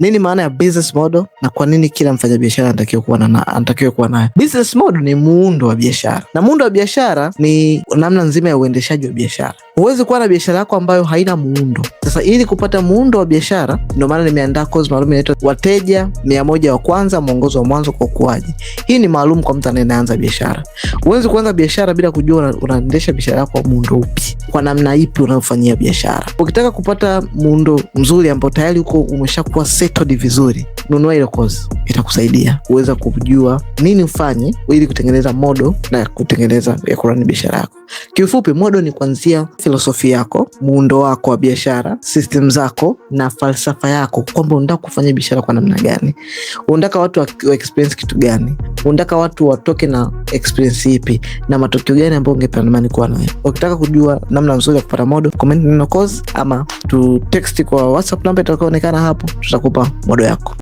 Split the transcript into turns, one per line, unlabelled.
Nini maana ya business model na kwa nini kila mfanyabiashara anatakiwa kuwa na anatakiwa kuwa nayo? Business model ni muundo wa biashara, na muundo wa biashara ni namna nzima ya uendeshaji wa biashara. Huwezi kuwa na biashara yako ambayo haina muundo. Sasa ili kupata muundo wa biashara, ndio maana nimeandaa kozi maalum inaitwa Wateja mia moja wa Kwanza, mwongozo wa mwanzo kwa ukuaji. Hii ni maalum kwa mtu anayeanza biashara. Huwezi kuanza biashara bila kujua unaendesha biashara yako kwa muundo upi, kwa namna ipi unayofanyia biashara. Ukitaka kupata muundo mzuri ambao tayari uko umeshakuwa method vizuri, nunua ile kozi, itakusaidia uweza kujua nini ufanye ili kutengeneza modo na kutengeneza ya kurani biashara yako. Kiufupi, modo ni kuanzia filosofi yako, muundo wako wa biashara, system zako na falsafa yako, kwamba unataka kufanya biashara kwa namna gani, unataka watu wa experience kitu gani, unataka watu watoke na experience ipi na matokeo gani ambayo ungetamani kuwa nayo. Ukitaka kujua namna nzuri ya kupata modo, comment neno course ama tu text kwa WhatsApp namba itakayoonekana hapo, tutakupa modo yako.